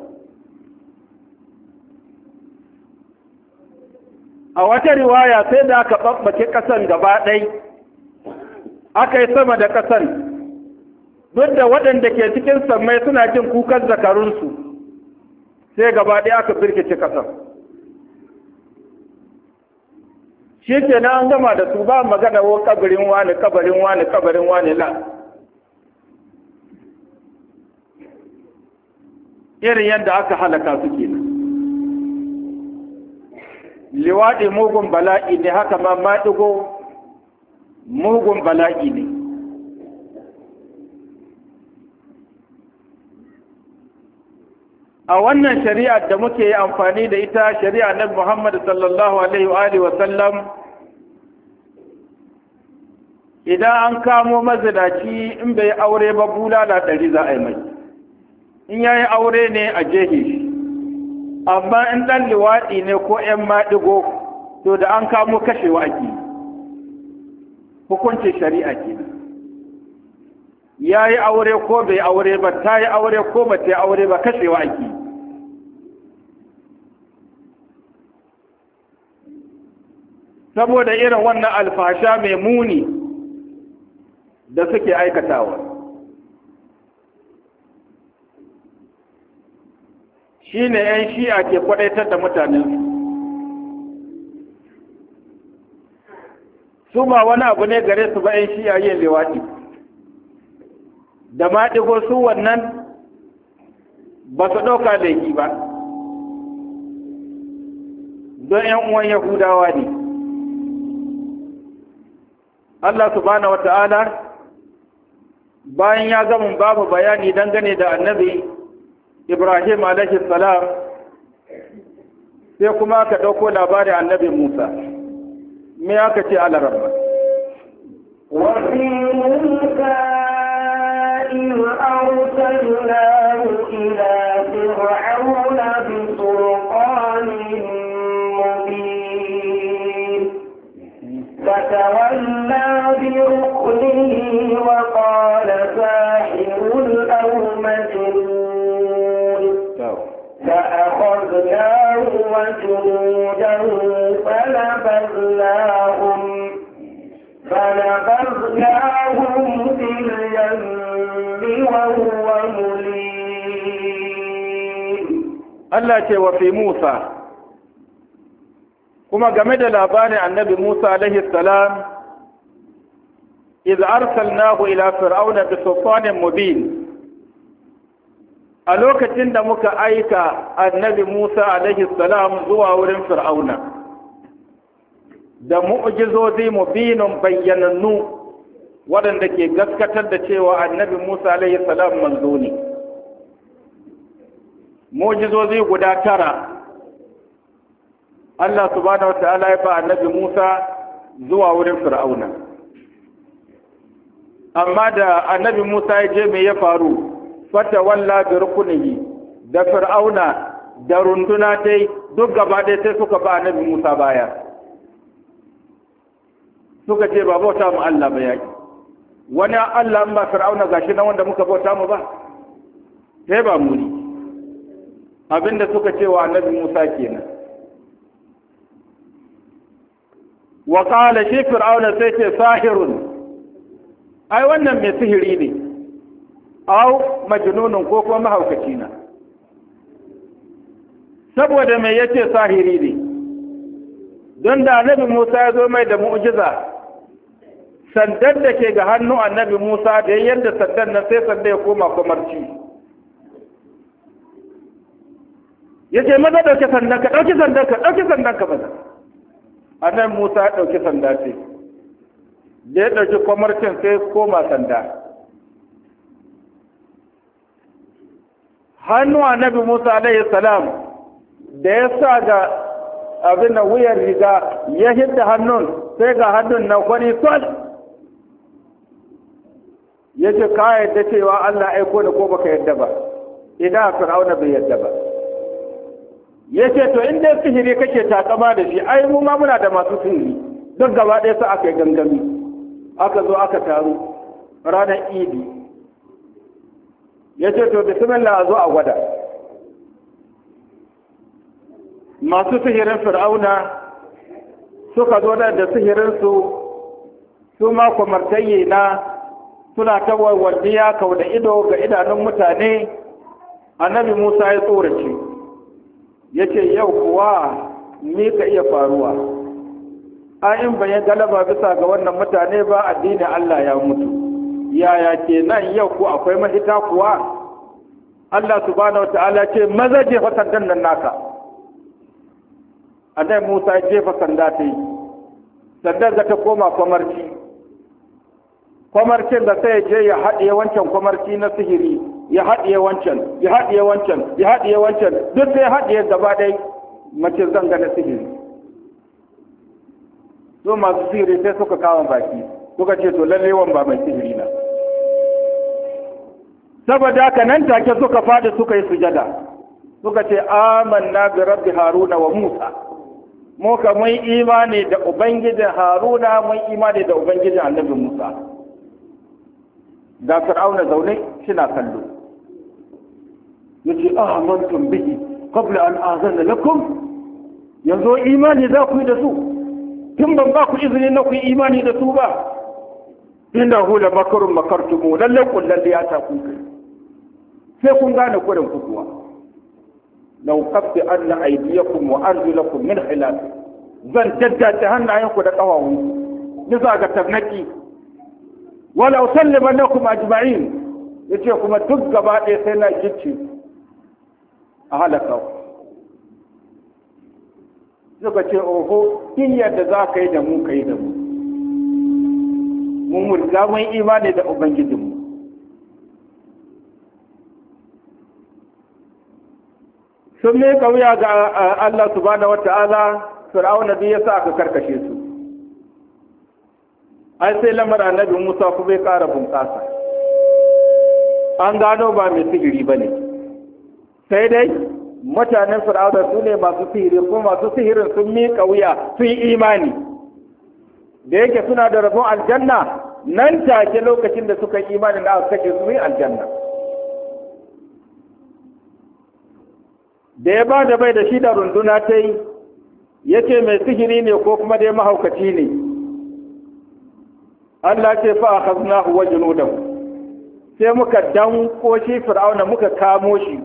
a wata riwaya sai da aka ɓaɓɓake ƙasan gaba ɗaya aka yi sama da ƙasan. duk da waɗanda ke cikin sammai suna jin kukan zakarunsu sai gaba ɗaya aka firkice ƙasar shi ke na an gama da su ba magana wo kabarin wani kabarin wani kabarin wani la irin yadda aka halaka su ke liwaɗi mugun bala'i ne haka ma maɗigo mugun bala'i ne a wannan shari'a da muke yi amfani da ita shari'a na Muhammad sallallahu alaihi wa alihi wa sallam idan an kamo mazinaci in bai aure ba bulala ɗari za a yi mai in ya yi aure ne a jehi amma in ɗan liwaɗi ne ko ‘yan maɗigo to da an kamo kashewa ake hukuncin shari'a ke ya yi aure ko bai aure ba ta yi aure ko ba ta yi aure ba kashewa ake saboda irin wannan alfasha mai muni da suke aikatawa shi ne 'yan shi'a ke kwadaitar da mutanen su ba wani abu ne gare su ba 'yan shi'a yin lewati da maɗigo su wannan ba su ɗauka laifi ba don 'yan uwan yahudawa ne Allah subhanahu wata'ala bayan ya zama babu bayani dangane da annabi Ibrahim alaihi salam sai kuma aka ɗauko labarin annabi Musa me aka ce ala rabba وفي فتولى بركنه وقال ساحر أو مجنون فأخذناه وجنوده فنبذناهم فنبذناهم في اليم وهو مليم الله وفي موسى kuma game da labarin annabi Musa alaihi salam iz arsalnahu ila fir'auna bi sultanin mubin a lokacin da muka aika annabi Musa alaihi salam zuwa wurin fir'auna da mu'jizozi mubinun bayyanannu waɗanda ke gaskatar da cewa annabi Musa alaihi salam manzo ne mu'jizozi guda tara Allah subhanahu ala ya ba annabi Musa zuwa wurin Fir'auna amma da annabi Musa ya je me ya faru fata walla bi rukunihi da Fir'auna da runduna ta duk gaba ɗaya sai suka ba annabi Musa baya suka ce ba bauta mu Allah ba yaki wani Allah ba Fir'auna gashi na wanda muka bauta mu ba sai ba muri abinda suka ce wa annabi Musa kenan wa qala shi fir'auna sai ce sahirun ai wannan mai sihiri ne au majnunun ko kuma mahaukaci na saboda mai yace sahiri ne don da annabi Musa ya zo mai da mu'jiza sandan da ke ga hannu annabi Musa da yadda sandan nan sai sanda ya koma kwamarci. Ya ce maza ɗauke sandan ka ɗauke sandan ka ɗauke sandan ka maza. nan Musa ya ɗauki sanda ce da ya ɗauki kwamarcin sai koma sanda hannu annabi Musa alayhi salam da ya sa ga abin da wuyar riga ya hidda hannun sai ga hannun na kwani sol ya ce ka yadda cewa Allah aiko da ko baka yadda ba idan fir'auna bai yadda ba ya ce to in dai sihiri kake takama da shi ai mu ma muna da masu sihiri duk gaba ɗaya su aka yi gangami aka zo aka taru ranar idi ya ce to bismillah a zo a gwada masu sihirin fir'auna suka zo da sihirinsu su ma kumartayye na suna ta warwardiya kau da ido ga idanun mutane annabi musa ya tsorace ya ce yau kuwa ni ka iya faruwa ayin ya galaba bisa ga wannan mutane ba addinin Allah ya mutu yaya kenan yau ku akwai mahita kuwa Allah subhanahu wata'ala ce maza jefa sandan nan naka annabi Musa ya jefa sanda ta yi sandan za ta koma kwamarci kwamarcin da sai je ya haɗiye wancan kwamarci na sihiri ya haɗiye wancan ya haɗiye wancan ya haɗiye wancan duk sai haɗiye gaba dai mace zanga na sihiri so masu sihiri sai suka kawo baki suka ce to lalle wan ba mai sihiri na saboda haka nan take suka fada suka yi sujada suka ce amanna bi rabbi haruna wa musa mu ka mun imani da ubangijin haruna mun imani da ubangijin annabi musa ga fir'auna zaune suna kallo yace tun bihi qabla an azana lakum yanzu imani za ku yi da su tun ban ba ku izini na ku yi imani da su ba Inda hu la makarun makartumu lalle da ya ta ku sai kun gane kurin kuwa law qatta an aydiyakum wa arjulakum min khilaf zan jaddata hannayenku da kawawunku ni za ga tabnaki wala usallima lakum ajma'in yace kuma duk gaba ɗaya sai na gicce a halaka suka ce oho in yadda za ka yi da mu ka yi da mu mun murga mun imani da ubangijinmu sun miƙa wuya ga Allah subhanahu wata'ala fir'auna biyu ya sa aka karkashe su ai sai lamar annabi musa ku bai kara bunƙasa an gano ba mai sihiri ba ne sai dai mutanen fir'auna su ne masu sihiri kuma masu sihirin sun miƙa wuya sun yi imani da yake suna da rabon aljanna nan take lokacin da suka yi imani da aka kashe su yi aljanna da ya ba da bai da shi da runduna ta yi ya mai sihiri ne ko kuma dai mahaukaci ne Allah ce fa hu wa junudahu sai muka danko shi fir'auna muka kamo shi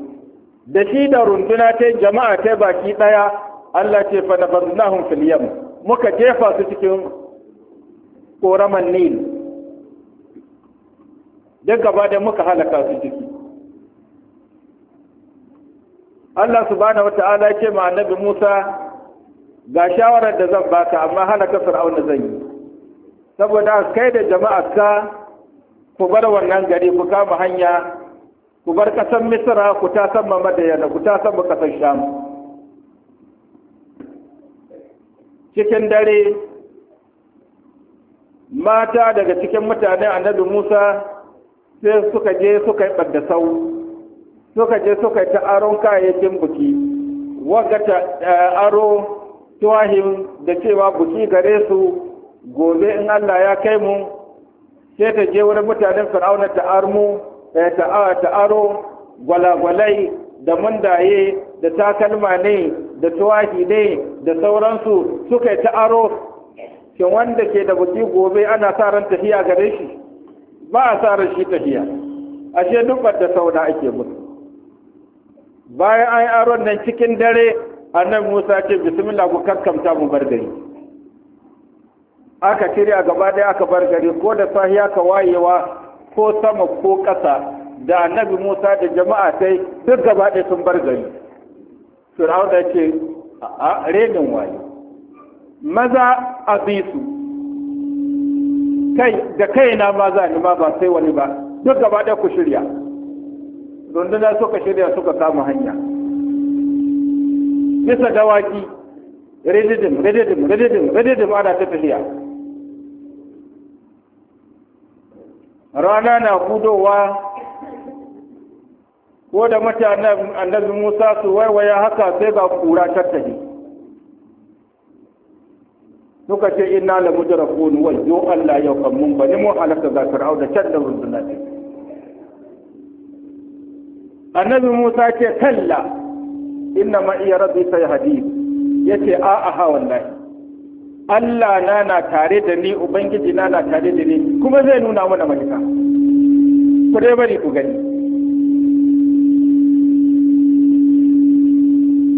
da shi da runduna ta jama'a ta baki daya Allah ce fa nabaznahum fil yam muka jefa su cikin koraman nil duk gaba da muka halaka su ciki Allah subhanahu wata'ala ce ma annabi Musa ga shawarar da zan baka amma halaka fir'auna zan yi saboda kai da jama'a ka ku bar wannan gari ku kama hanya ku bar kasan misira ku ta san madayana ku ta san kasan sham cikin dare mata daga cikin mutane annabi musa sai suka je suka yi sau suka je suka yi ta aron kayayyakin buki wagata eh, aro tuwahim da cewa buki gare su gobe in Allah ya kai mu sai ta je wurin mutanen fir'auna ta armu eh, ah, ta aro gwalagwalai da mundaye da takalma ne da tuwaki ne da sauransu suka yi ta aro shin wanda ke da buki gobe ana sa ran tafiya gare shi ba a sa ran shi tafiya ashe duk da sauna ake mutu bayan an yi aron nan cikin dare annabi Musa ce bismillah ku kakkamta mu bar gari aka cire a gaba ɗaya aka bar gari ko da sahiya ka wayewa ko sama ko ƙasa da annabi musa da jama'a sai duk gaba ɗaya sun bar gari fir'aun da ce a renin waye maza a su kai da kaina maza ni ma ba sai wani ba duk gaba ɗaya ku shirya runduna suka shirya suka kama hanya bisa dawaki redidin redidin redidin redidin ana ta tafiya rana na hudowa ko da mutanen annabi Musa su waiwaya haka sai ga kura tattahi suka ce inna la mudrakun wal yo Allah yau kan mun bani mu halaka ga Fir'aun da can da annabi Musa ce kalla inna ma iya rabbi sayhadi yace a a ha wallahi Allah na na tare da ni Ubangiji na na tare da ni kuma zai nuna mana mafita ku dai bari ku gani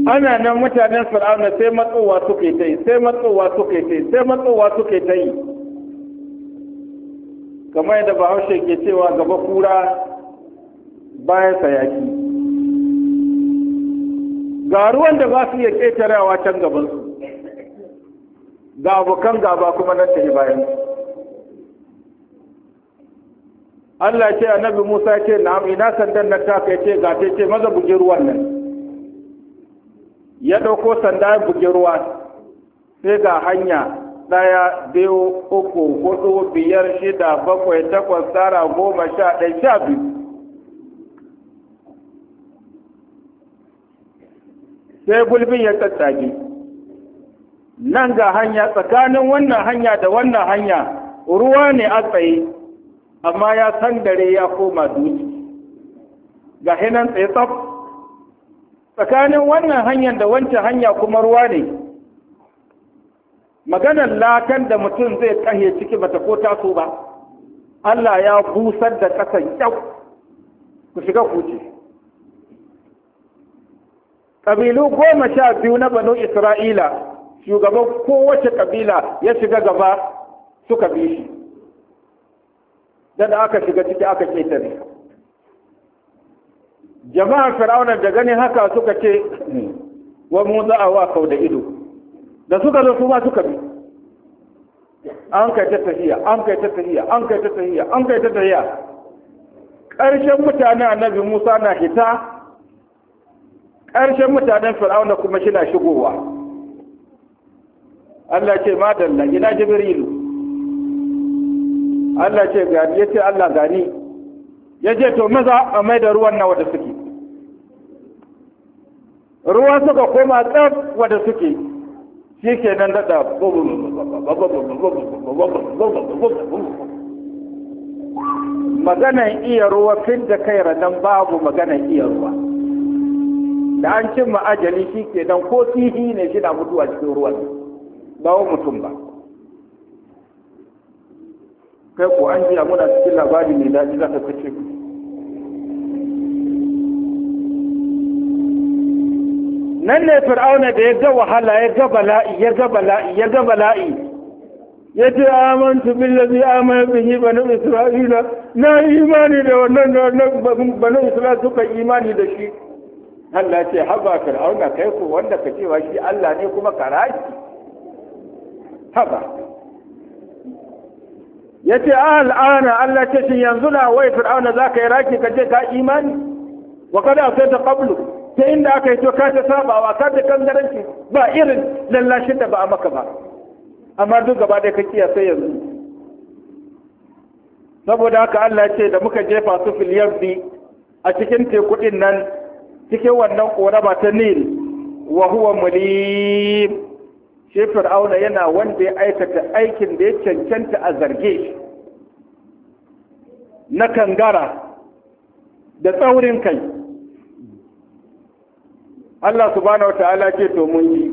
ana nan mutanen fir'auna sai matsowa suke ta yi sai matsowa suke ta yi sai matsowa suke ta yi kamar yadda bahaushe ke cewa gaba kura bayan sayaki ga da ba su iya ƙetarewa can gabansu ga abokan gaba kuma nan ta bayan Allah ce annabi Musa ce na'am ina sandan nan ta kai ce ga ce maza buge ruwan nan ya dauko sanda ya buge ruwa sai ga hanya daya biyu uku hudu biyar shida bakwai takwas tara goma sha ɗaya sha biyu sai gulbin ya tattaki nan ga hanya tsakanin wannan hanya da wannan hanya ruwa ne a tsaye amma ya san dare ya koma duki ga hinan tsaye tsaf tsakanin wannan hanyar da wancan hanya kuma ruwa ne maganar lakan da mutum zai kahe ciki bata ko taso ba Allah ya busar da kasan kyau ku shiga kuce ƙabilu goma sha biyu na banu isra'ila shugaban kowace kabila ya shiga gaba suka bi shi da aka shiga ciki aka ce ta ne jama'ar fir'auna da ganin haka suka ce hmm, wa mu za a wa kau da ido da suka zo su ma suka bi an kai ta tahiya an kai ta tahiya an kai ta tahiya an kai ta tahiya ƙarshen mutane annabi Musa na hita ƙarshen mutanen fir'auna kuma shi na shigowa Allah ce ma madalla ina jibrilu Allah ce ga ya ce Allah gani ya ce to maza a mai da ruwan na wada suke ruwa suka koma tsaf wada suke shi ke da babu magana iya ruwa fin da kai ranan babu magana iya ruwa da an ma ajali shi ke nan ko tihi ne shi na mutuwa cikin ruwan ba wa mutum ba kai ko an jiya muna cikin labari mai daɗi za ka kace ku nan ne fir'auna da ya ga wahala ya ga bala'i ya ga bala'i ya ga bala'i ya ce amantu billazi amana bihi banu isra'ila na imani da wannan da wannan banu isra'ila suka imani da shi Allah ce haba fir'auna kai ko wanda ka wa shi Allah ne kuma karashi haba ya ce ana ah, Allah ce shi yanzu na wai fir'auna za ka yi raki ka je ka imani wa kada sai ta qablu ta inda aka yi to ka ta sabawa ka ta kangaranci ba irin lallashin da ba a maka ba amma duk gaba da ka sai yanzu saboda haka Allah ce da muka jefa su fil yardi a cikin tekuɗin nan cikin wannan koraba ta Nil wa huwa mulim sai fir'auna yana wanda ya aikata aikin da ya cancanta a zarge na kangara da tsaurin kai Allah subhanahu wata'ala ce to mun yi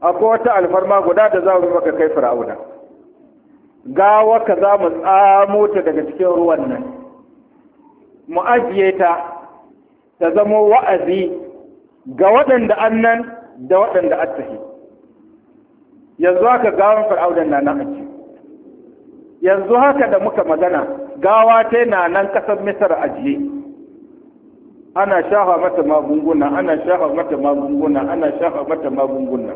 akwai wata alfarma guda da za mu maka kai fir'auna gawa ka za mu tsamo ta daga cikin ruwan nan mu ajiye ta ta zamo wa'azi ga waɗanda annan da waɗanda attahi yanzu haka gawan fir'aunan na nan ake yanzu haka da muka magana gawa ta na nan ƙasar misar ajiye ana shafa mata magunguna ana shafa mata magunguna ana shafa mata magunguna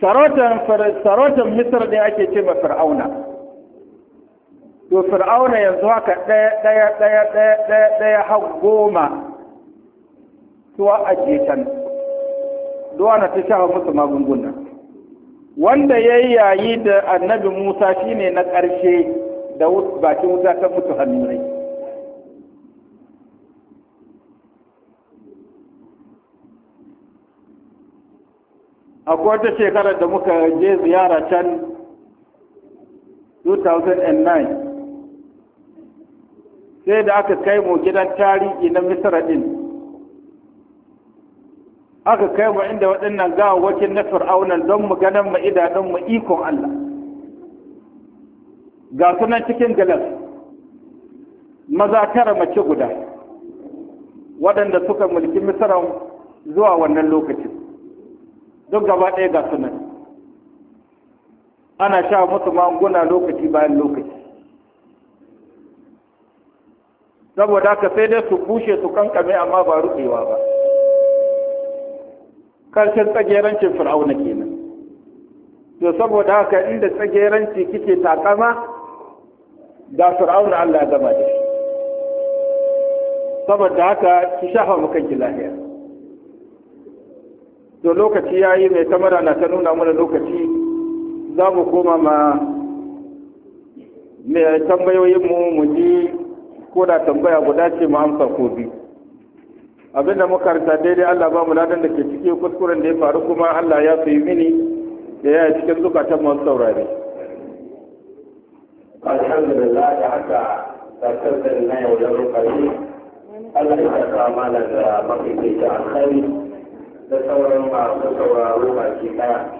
sarautar misar ne ake ce ma fir'auna to fir'auna yanzu haka ɗaya ɗaya ɗaya ɗaya ɗaya har goma suwa a jetan duwa na ta shafa musu magunguna wanda ya yi yayi da annabi musa shine na ƙarshe da bakin wuta ta mutu hannunai akwai wata shekarar da muka je ziyara can 2009 sai da aka kai mu gidan tarihi na misra din aka kai mu inda waɗannan gawawakin na fir'auna don mu ganin mu idanun mu ikon Allah ga sunan cikin galas maza tara mace guda waɗanda suka mulki misra zuwa wannan lokacin duk gaba ɗaya ga sunan ana sha musu magunguna lokaci bayan lokaci saboda haka sai dai su bushe su kankame amma ba ruɗewa ba karshen tsagerancin fir'auna kenan to saboda haka inda tsageranci kike takama da fir'auna Allah ya gama da shi saboda haka ki shafa mukan ki lahiya to lokaci yayi mai kamara na ta nuna mana lokaci za mu koma ma mai tambayoyinmu mu mu ji ko da tambaya guda ce mu amsa ko biyu Abin da muka rasa daidai Allah ba mu ladan da ke cike kuskuren da ya faru kuma Allah ya fi mini da ya yi cikin zukatan masu saurare. Alhamdulillah da haka tattattar na yau da rukari Allah ya sa mana da mafi da alkhari da sauran masu sauraro baki daya.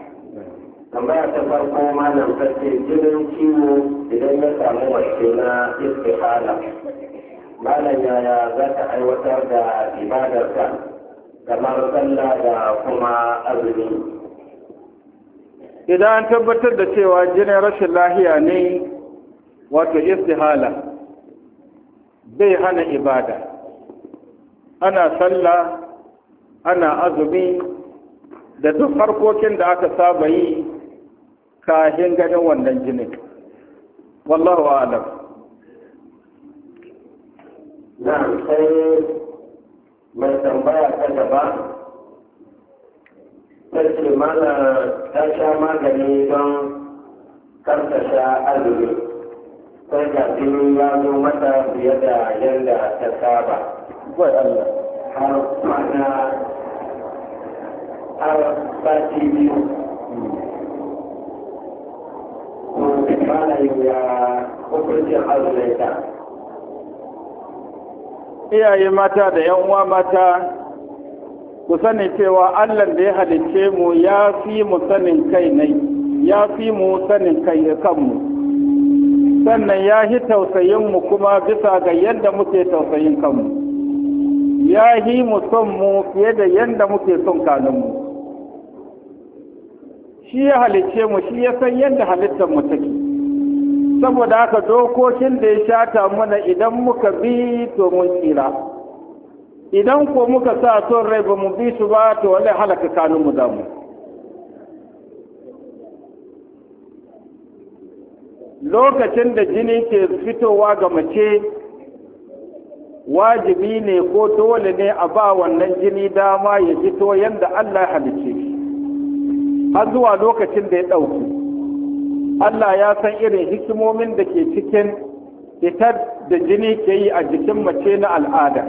tambaya ta farko malam sarki jinin ciwo idan ya samu mace na istihala malam yaya za ta aiwatar da ibadarka kamar sallah da kuma azumi idan an tabbatar da cewa jinin rashin lahiya ne wato istihala bai hana ibada ana sallah ana azumi da duk harkokin da aka saba yi kahin ganin wannan jinin wallahu a'lam na sai mai tambaya ta gaba ta ce mana ta sha magani don karta sha azumi sai ga jini ya zo mata fiye da yadda ta saba har kwana har sati biyu ko mana ya hukuncin azumi ta iyaye mata da yan uwa mata ku sani cewa Allah da ya halicce mu ya fi mu sanin kai ne ya fi mu sanin kai kanmu sannan ya yi tausayin mu kuma bisa ga yadda muke tausayin kanmu ya yi mu son mu fiye da yadda muke son kanunmu shi ya halicce mu shi ya san yadda halittar mu take saboda haka dokokin da ya shata mana idan muka bi to mun tsira idan ko muka sa son rai ba mu bi su ba to wallahi halaka kanun mu zamu lokacin da jini ke fitowa ga mace wajibi ne ko dole ne a ba wannan jini dama ya fito yadda Allah ya halicce shi har zuwa lokacin da ya ɗauki Allah ya san irin hikimomin da ke cikin fitar da jini ke yi a jikin mace na al'ada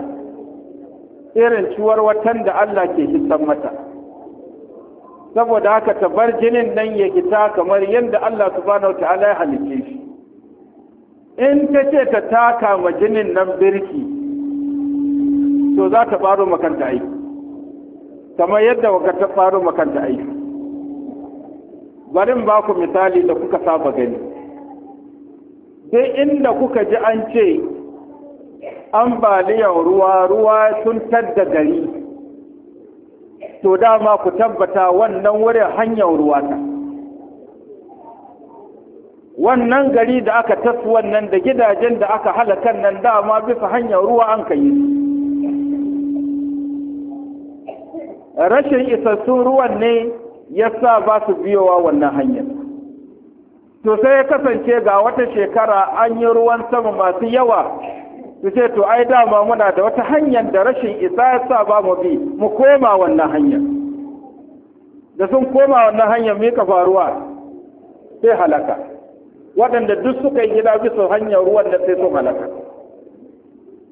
irin ciwar watan da Allah ke hisan mata saboda haka ta bar jinin nan ya fita kamar yadda Allah subhanahu ta'ala ya halice shi in ta ce ta taka ma jinin nan birki to za ta faro makanta aiki kamar yadda waka ta faro makanta aiki barin ba ku misali da kuka saba gani sai inda kuka ji an ce ambaliyar ruwa ruwa sun tadda gari to dama ku tabbata wannan wurin hanyar ruwa ta wannan gari da aka tasu wannan da gidajen da aka halakan nan dama bisa hanyar ruwa an ka yi rashin isassun ruwan ne ya sa ba su biyowa wannan hanyar to sai ya kasance ga wata shekara an yi ruwan sama masu yawa su ce to ai dama muna da wata hanyar da rashin isa ya sa ba mu bi mu koma wannan hanyar da sun koma wannan hanyar mai ka faruwa sai halaka waɗanda duk suka yi gida bisa hanyar ruwan da sai sun halaka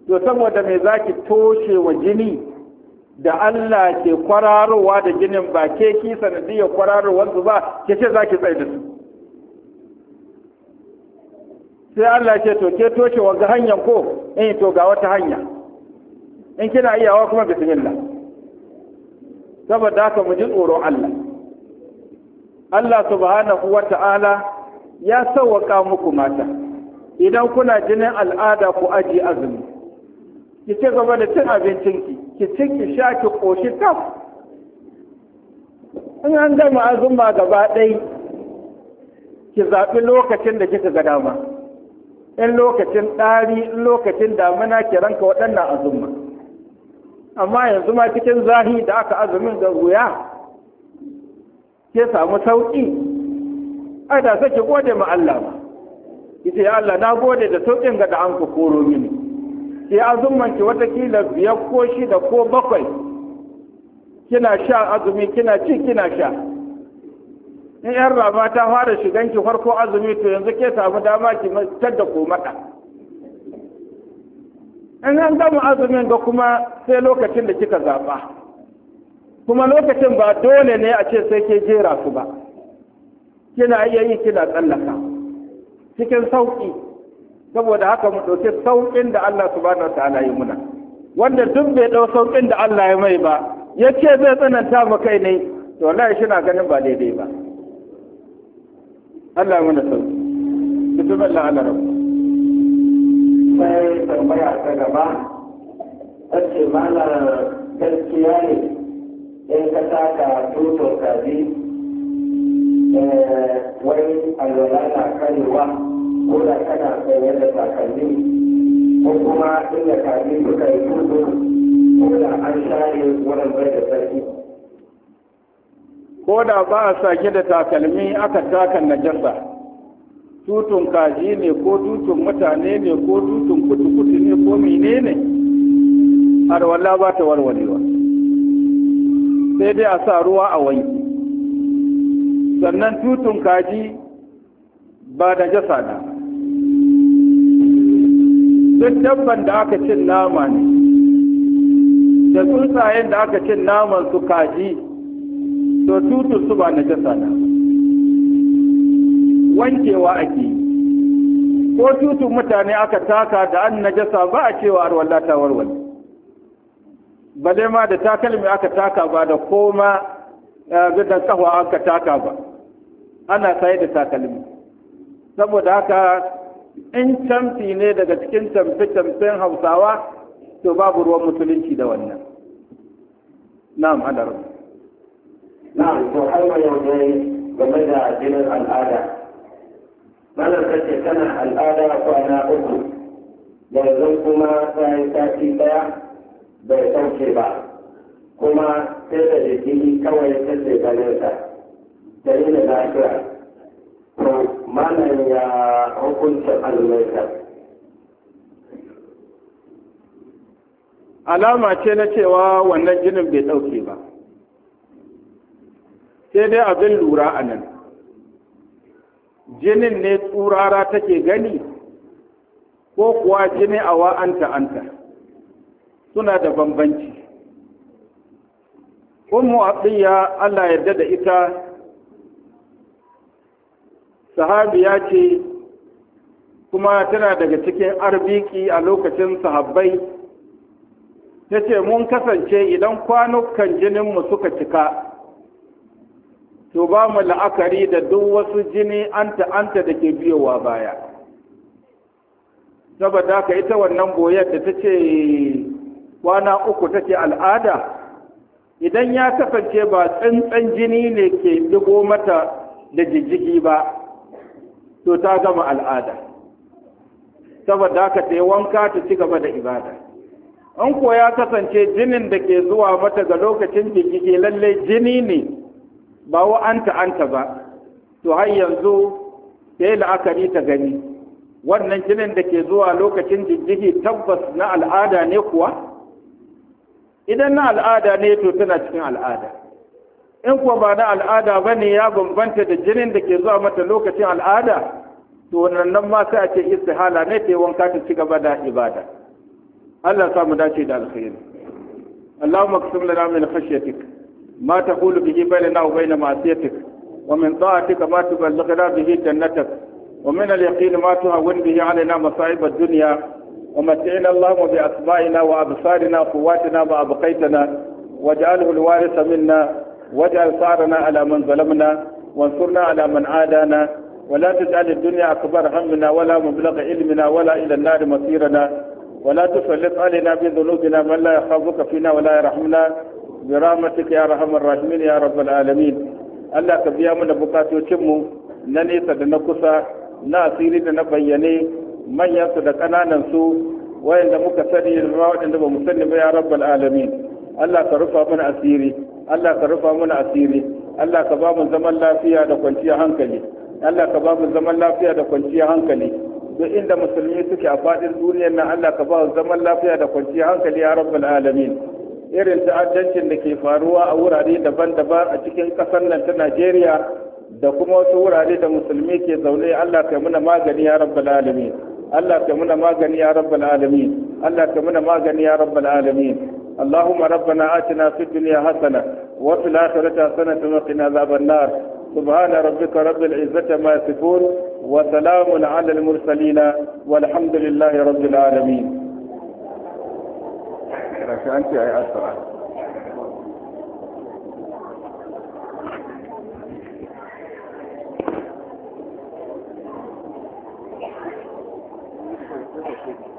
to saboda me zaki toshe wa jini da Allah ke kwararowa da ginin ba ke ki sanadiyar kwararowar su ba ke ce za ki tsaye da su sai Allah ce to ke toshe wa ga hanyar ko in eh, to ga wata hanya in kina iyawa kuma bismillah saboda haka mu ji tsoron Allah Allah subhanahu wa ta'ala ya sauwaka muku mata idan kuna jinin al'ada ku aji azumi ki ce gaba da cin abincinki ki ci ki sha ki koshi taf in an gama azumma gaba ɗai ki zaɓi lokacin da kika ga dama in lokacin ɗari in lokacin damina ki ranka waɗannan azumma amma yanzu ma cikin zahi da aka azumin ga wuya ke samu sauƙi ai da sai ki gode ma Allah ba ce ya Allah na gode da sauƙin ga da an ku koro mini ki wata kila biyar ko shida ko bakwai kina sha azumi kina ci kina sha in yan rama ta fara ki farko azumi to yanzu ke samu dama ki matar da komada in an gama azumin ga kuma sai lokacin da kika zaɓa kuma lokacin ba dole ne a ce sai ke jera su ba kina iya yi kina tsallaka cikin sauki. saboda haka mu ɗauki sauƙin da Allah subhanahu wataala yi muna wanda duk bai ɗau sauƙin da Allah ya mai ba ya ce zai tsananta ma kai ne to wallahi shi na ganin ba daidai ba Allah ya muna sauƙi bisu Allah ala rabu sai tambaya ta gaba ta mana gaskiya ne in ka saka tutar kaji eh, wai alwala na karewa ko da kana sanye da takalmi ko kuma inda kaji suka yi tudu ko da an share wurin bai da sarki ko da ba a sake da takalmi aka takan najasa tutun kaji ne ko tutun mutane ne ko tutun kutu-kutu ne ko ne har walla ba ta warwarewa sai dai a sa ruwa a wanki sannan tutun kaji ba da jasa na duk dabban da aka cin nama ne da tsuntsayen da aka cin naman su kaji to tutun su ba na jasa na wankewa ake yi ko tutu mutane aka taka da an na jasa ba a cewa arwallah ta warware bale ma da takalmi aka taka ba da koma eh, da kahwa aka taka ba ana saye da takalmi saboda haka in camfi ne daga cikin camfe-camfen hausawa to babu ruwan musulunci da wannan na'am hadar na'am to har wa yau dai game da jinin al'ada malar kace kana al'ada kwana uku yanzu kuma bayan sati daya bai sauke ba kuma sai da jiki kawai sai da ganin ta da yi da lafiya to malam ya hukuncin almaita alama ce na cewa wannan jinin bai ɗauke ba sai dai abin lura a nan jinin ne tsurara take gani ko kuwa jini a wa'anta anta suna da bambanci ummu abdiya Allah yarda da ita ya ce kuma tana daga cikin arbiki a lokacin sahabbai ta ce mun kasance idan kwanukan jininmu suka cika to ba mu la'akari da duk wasu jini anta-anta da ke biyowa baya saboda haka ita wannan boyar da ta ce kwana uku take al'ada idan ya kasance ba tsantsan jini ne ke digo mata da jijjigi ba to ta gama al'ada saboda haka ta yi wanka ta ci gaba da ibada an ko ya kasance jinin da ke zuwa mata ga lokacin jiki lallai jini ne ba wa anta anta ba to har yanzu sai la'akari ta gani wannan jinin da ke zuwa lokacin jirgige tabbas na al'ada ne kuwa idan na al'ada ne to tana cikin al'ada in kuwa ba na al'ada ba ne ya bambanta da jinin da ke zuwa mata lokacin al'ada to wannan ma sai a ce istihala ne ta yi wanka ta ci gaba da ibada Allah samu dace da alkhairi Allahumma qsim lana min khashyatik ma taqulu bihi bainana na bain ma'siyatik wa min ta'atika ma wa min al-yaqin ma tuhawwin bihi alaina masa'ib wa واجعله الوارث منا واجعل صعرنا على من ظلمنا وانصرنا على من عادانا ولا تجعل الدنيا أكبر همنا ولا مبلغ علمنا ولا إلى النار مصيرنا ولا تسلط علينا بذنوبنا من لا يخافك فينا ولا يرحمنا برحمتك يا أرحم الراحمين يا رب العالمين Allah ka biya mana bukatocinmu na nesa da na kusa na asiri da na bayyane manyansu da ƙananansu wayanda muka sani da waɗanda ba mu sani ba ya rabbal alamin Allah ka rufa mana asiri Allah ka rufa mana asiri Allah ka ba mu zaman lafiya da kwanciyar hankali Allah ka ba mu zaman lafiya da kwanciyar hankali duk inda musulmi suke a faɗin duniyar nan Allah ka ba mu zaman lafiya da kwanciyar hankali ya rabbal alamin irin ta'addancin da ke faruwa a wurare daban-daban a cikin ƙasar nan ta Najeriya da kuma wasu wurare da musulmi ke zaune Allah ka muna magani ya rabbal alamin Allah ka muna magani ya rabbal alamin Allah ka muna magani ya rabbal alamin اللهم ربنا آتنا في الدنيا حسنة وفي الآخرة حسنة وقنا عذاب النار سبحان ربك رب العزة ما يصفون وسلام على المرسلين والحمد لله رب العالمين Thank you.